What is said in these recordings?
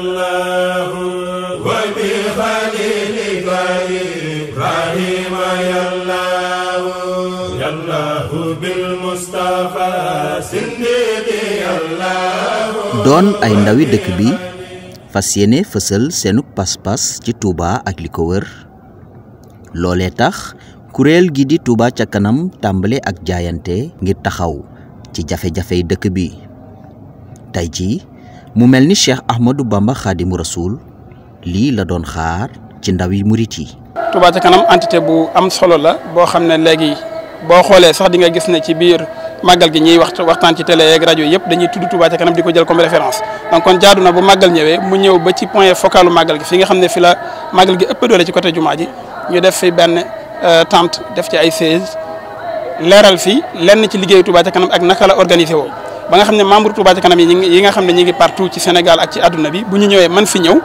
Don ay ndawi dëkk bi fas yéene fësal pas-pas ci Touba ak li ko wër loolee tax kuréel gi di Touba ca kanam tàmbale ak jaayante ngir taxaw ci jafe-jafey dëkk bi tey jii mu mel ni cheikh ahmadou bamba xaadimu rasul lii la doon xaar ci ndaw yi murit yi Touba ca kanam entité bu am solo la boo xam ne léegi boo xoolee sax di nga gis ne ci biir màggal gi ñuy wax waxtaan ci télé yeeg rajo yëpp dañuy tudd Touba ca kanam di ko jël comme référence donc kon jaadu na bu màggal ñëwee mu ñëw ba ci point focalu màggal gi fi nga xam ne fi la màggal gi ëpp doole ci côté jumaa ji ñu def fi benn euh, tente def ci ay sièges leeral fi lenn ci liggéeyu Touba ak naka la organisé woo ba nga xam ne membre Touba Ca Kanam yi yi nga xam ne ñi ngi partout ci Sénégal ak ci àdduna bi bu ñu ñëwee man fi ñëw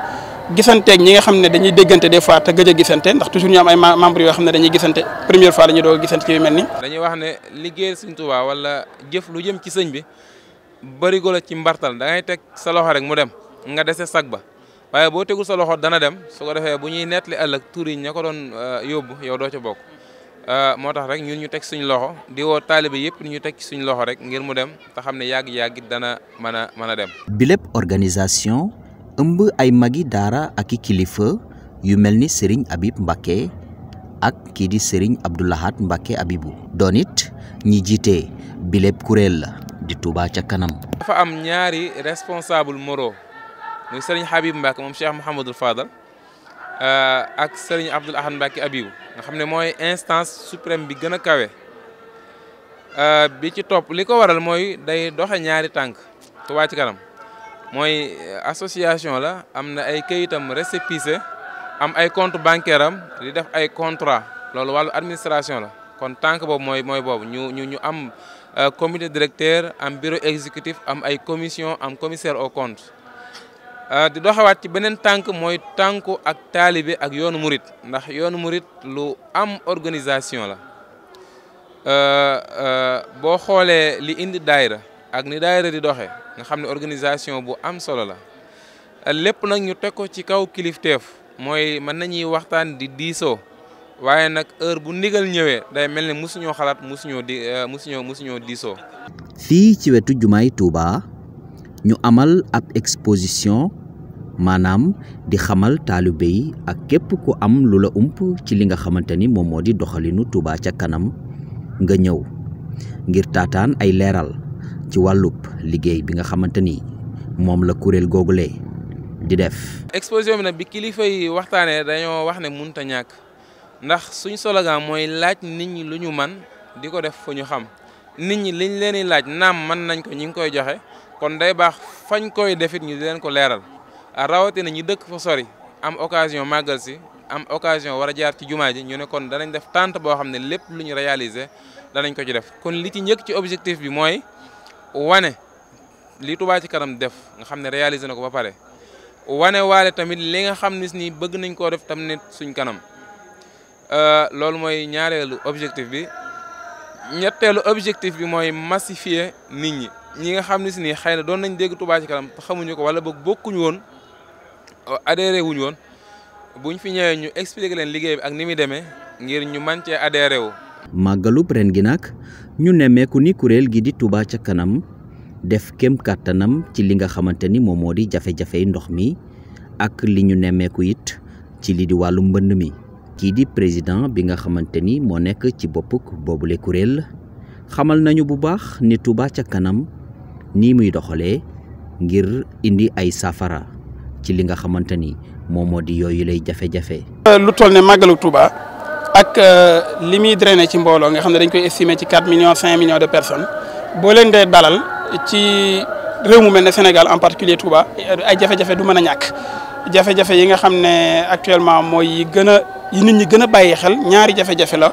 gisanteeg ñi nga xam ne dañuy dëggante de fois te gëj a gisante ndax toujours ñu am ay membre yoo xam ne dañuy gisante première fois la ñuy doog a gisante ci yu mel ni dañuy wax ne liggéeyal sëñ Touba wala jëf lu jëm ci sëñ bi bari ko la ci mbartal da ngay teg sa loxo rek mu dem nga dese sag ba waaye boo tegul sa loxo dana dem su ko defee bu ñuy nettali ëllëg tur yi ña ko doon euh, yóbbu yow doo ca bokk Euh, moo tax rek ñun ñu teg suñu loxo di woo taalibe yëpp ñu teg suñu loxo rek ngir mu dem te xam ne yàgg-yàgg dana mën a mën a dem. bi lépp organisation ëmb ay magi daara ak kilifa yu mel ni Serigne Habib Mbacké ak kii di Serigne Abdou Lahad Mbacké Habibou. doon it ñi jiite bi lépp kuréel la di Touba ca kanam. dafa am ñaari responsable moraux muy Serigne Habib Mbacké moom Cheikh Mouhamadul Fadal. Euh, ak Serigne Abdoul Ahad Mbacké Abibou nga xam ne mooy instance suprême bi gën a kawe euh, bi ci topp li ko waral mooy day doxe ñaari tànk Touba ci kanam mooy euh, association la am na ay këyitam récépissé am ay compte bancaire li def ay contrat loolu wàllu administration la kon tànk boobu mooy mooy boobu ñu ñu ñu am comité directeur am bureau exécutif am ay commission am commissaire au compte Euh, di doxewaat ci beneen tànk mooy tànku ak taalibe ak yoonu murit ndax yoonu murit lu am organisation la euh, euh, boo xoolee li indi dayra ak ni daayira di doxee nga xam ne organisation bu am solo la lépp nag ñu teg ci kaw kilifteef mooy mën nañuy waxtaan di diisoo waaye nag heure bu ndigal ñëwee day mel ne mosuñoo xalaat mosuñoo di mosuñoo mosuñoo diisoo. fii ci wetu jumaay Touba. ñu amal ab exposition maanaam di xamal taalibe yi ak képp ku am lu la ump ci li nga xamante ni moom moo di doxalinu Touba ca kanam nga ñëw ngir taataan ay leeral ci wàllub liggéey bi nga xamante ni moom la kuréel googule di def. exposition bi nag bi kilifa yi waxtaanee dañoo wax ne mënut a ñàkk ndax suñ slogan mooy laaj nit ñi lu ñu man di ko def fu ñu xam nit ñi liñ leen laaj naam mën nañ ko ñi ngi koy joxe. kon day baax fañ koy defit ñu di leen ko leeral rawatina ñi dëkk fa sori am occasion màggal si am occasion war a jaar ci jumaa ji ñu ne kon danañ def tente boo xam ne lépp lu ñu réaliser danañ ko ci def kon li ci njëkk ci objectif bi mooy wane li Touba ci kanam def nga xam ne réaliser na ko ba pare wane waale tamit li nga xam ne nii bëgg nañ koo def tam ne suñ kanam euh, loolu mooy ñaareelu objectif bi ñettelu objectif bi moy massifier nit ñi ñi nga xamni ne si nii doon nañ dégg tuba ci kanam te xamuñu ko wala boog bokkuñu won adhéré wuñu won buñ fi ñëwé ñu expliquer leen liggéey bi ak ni démé ngir ñu manté wu. ren gi nak ñu ku ni kurel gi di tuba ci kanam def kem katanam. ci li nga xamanteni ni modi jafé jafé ndox mi ak li ñu ku it ci li di walu mbënd mi. kii di président bi nga xamante ni moo nekk ci boppuk boobule kuréel xamal nañu bu baax ni Touba ca kanam nii muy doxalee ngir indi ay saafara ci li nga xamante ni moom moo di yooyu lay jafe-jafe. lu toll ne màggalu Touba ak euh, li muy drainer ci mbooloo nga xam ne dañ koy estimer ci 4 millions 5 millions de personnes boo leen dee dalal ci réew mu mel ne Sénégal en particulier Touba ay jafe-jafe du mën a ñàkk jafe-jafe yi nga xam ne actuellement mooy yi gën yi nit ñi gën a bàyyi xel ñaari jafe-jafe la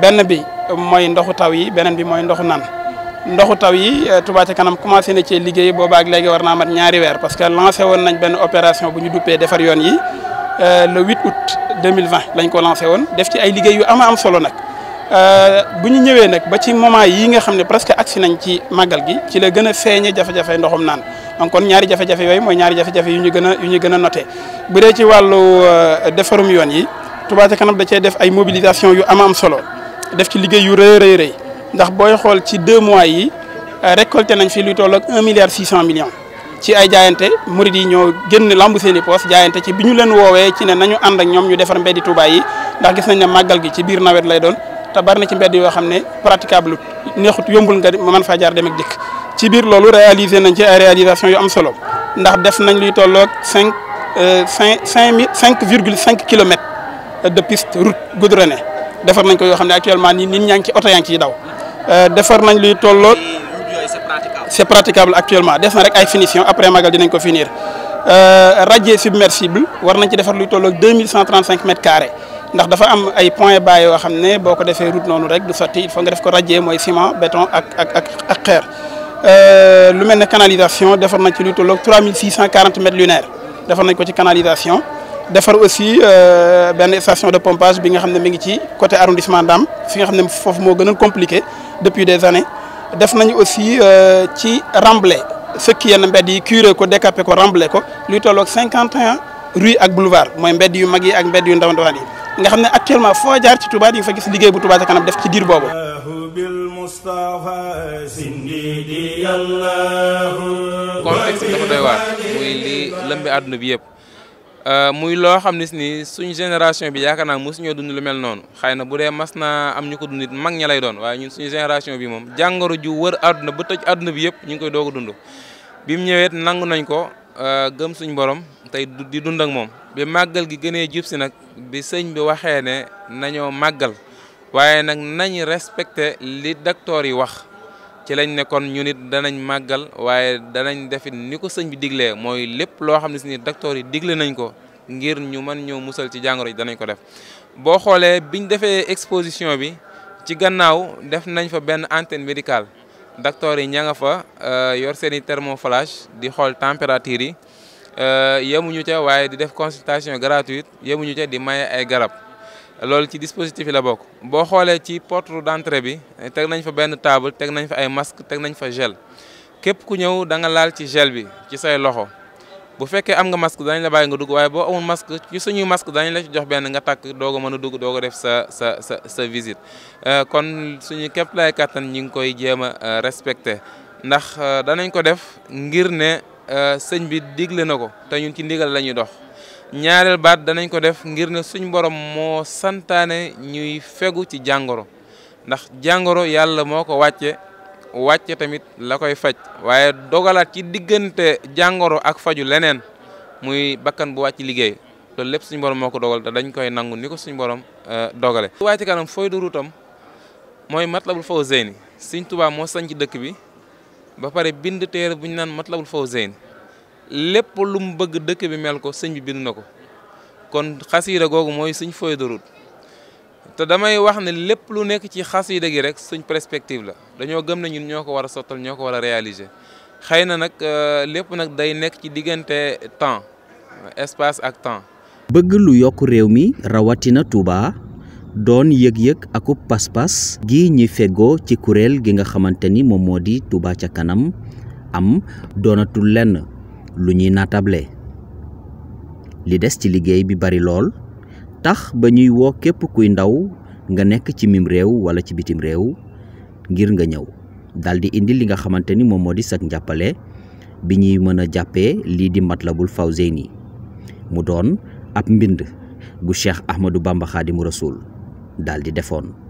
benn bi mooy ndoxu taw yi beneen bi mooy ndoxu nan ndoxu taw yi eh, Touba ca kanam commencé na ci liggéey boobaak léegi war naa mat ñaari weer parce que lancé woon nañ benn opération bu ñu duppee defar yoon yi eh, le 8 août 2020 lañ ko lancé woon def ci ay liggéey yu ama am solo nag eh, bu ñu ñëwee nag ba ci moment yi nga xam ne presque agsi nañ ci màggal gi ci la gëna a feeñe jafe-jafe ndoxum naan donc kon ñaari jafe yooyu mooy ñaari jafe-jafe yu ñu gën a ñu gën a noté bu dee ci wàllu defarum yoon yi Touba kanam da cee def ay mobilisation yu am am solo def ci liggéey yu rëy rëy rëy ndax booy xool ci deux mois yi euh, récolté nañ fi luy toll ak un milliard six cent millions ci ay jaayante murid yi ñoo génn lamb seen i poos jaayante ci bi ñu leen woowee ci ne nañu ànd ak ñoom ñu defar mbeddi Touba yi ndax gis nañ ne màggal gi ci biir nawet lay doon te bari na ci mbedd yoo xam ne praticable neexut yombul nga man fa jaar dem ak dikk ci biir loolu réalisé nañ ci ay réalisation yu am solo ndax def nañ luy tolloog euh, cinq cinq cinq virgule cinq de piste route goudronnée defar nañ ko yoo xam actuellement ni ni ñaa ngi ci oto yaa ngi ciy daw euh, defar nañ luy c'est praticable actuellement des na rek ay finition après magal dinañ ko finir euh, radier submersible war nañ ci defar luy tolloog 2135 mètres carrés ndax dafa am ay points bas yoo xam ne boo ko route non rek du sotti il faut nga def ko radier mooy ciment béton ak ak ak ak euh, lu canalisation defar nañ ci luy 3640 mètres lunaire defar nañ ko ci canalisation defar aussi euh, benn station de pompage bi nga xam ne mi ngi ci côté arrondissement d'Am, fi nga xam ne foofu moo compliqué depuis des années def nañu aussi euh, ci remblai sëkk yenn mbedd yi curé ko décapé ko remblai ko luy tolloog 51 rue ak boulevard mooy mbedd yu mag yi ak mbedd yu ndaw ndawaan nga xamné actuellement fo jaar ci Touba di nga fa gis liggéey bu Touba ca kanam def ci diir boobu. contexte dafa doy waar muy li lëmbi àdduna bi yëpp. Euh, muy loo xam ne si ni suñ génération bi yaakaar naa suñoo dund lu mel noonu xëy na bu dee mas naa am ñu ko dund mag ña lay doon waaye ñun suñu génération bi moom jàngoro ju wër àdduna ba tëj àdduna bi yëpp ñu ngi koy doog a dund. bi mu ñëwee nangu nañ ko euh, gëm suñ borom tey di dund ak moom bi màggal gi gënee jub si nag bi sëñ bi waxee ne nañoo màggal waaye nag nañ respecté li docteur yi wax. ci lañ nekkoon ñu nit danañ màggal waaye danañ defit ni ko sëñ bi diglee mooy lépp loo xam ne si ni docteur yi digle nañ ko ngir ñu mën ñoo musal ci jàngoro ji danañ ko def boo xoolee biñ defee exposition bi ci gannaaw def nañ fa benn antenne médicale docteur yi ña nga fa euh, yor seen i thermoflash di xool température yi euh, yemuñu ca waaye di def consultation gratuite yemuñu ca di maye ay garab loolu ci dispositif yi la bokk boo xoolee ci porte d'entrée bi teg nañ fa benn table teg nañ fa ay masque teg nañ fa gel képp ku ñëw da nga laal ci gel bi ci say loxo bu fekkee am nga masque danañ la bàyyi nga dugg waaye boo amul masque ci suñuy masque danañ la jox benn nga takk doog a mën a dugg doog a def sa sa sa sa visite euh, kon suñu képp lay kàttan ñi ngi koy jéem a euh, respecté ndax euh, danañ ko def ngir ne sëñ bi digle na ko te ñun ci ndigal la ñuy dox ñaareel baat danañ ko def ngir ne suñ borom moo santaane ñuy fegu ci jàngoro ndax jàngoro yàlla moo ko wàccee wàcce tamit la koy faj waaye dogalaat ci diggante jàngoro ak faju leneen muy bakkan bu wàcc liggéey loolu lépp suñu borom moo ko dogal te dañ koy nangu ni ko suñu borom euh, dogale. Touba Ca Kanam fooy du ruutam mooy Matlabul Fawzeyni Sëriñ Tuubaa moo sañ ci dëkk bi ba pare bind téere bu ñu naan Matlabul Fawzeyni lépp lu mu bëgg dëkk bi mel ko sëñ bi bind na ko kon xasiida googu mooy suñ feuille de te damay wax na lépp lu nekk ci xasiida gi rek suñ perspective la dañoo gëm ne ñoo ko war a sottal ñoo ko war a réaliser xëy na nag euh, lépp nag day nekk ci diggante temps espace ak temps. bëgg lu yokk réew mi rawatina Touba doon yëg-yëg akub pas-pas gi ñi feggoo ci kuréel gi nga xamante ni moom moo di Touba ca kanam am doonatul lenn. lu ñuy naatable li des ci liggéey bi bari lool tax ba ñuy woo képp kuy ndaw nga nekk ci mim réew wala ci bitim réew ngir nga ñëw daldi indi li nga xamante ni moom moo di sag njàppale bi ñuy mën a jàppee lii di Matlabul Fawzeyni mu doon ab mbind gu Cheikh Ahmadou Bamba Xaadimu Rasuul daldi defoon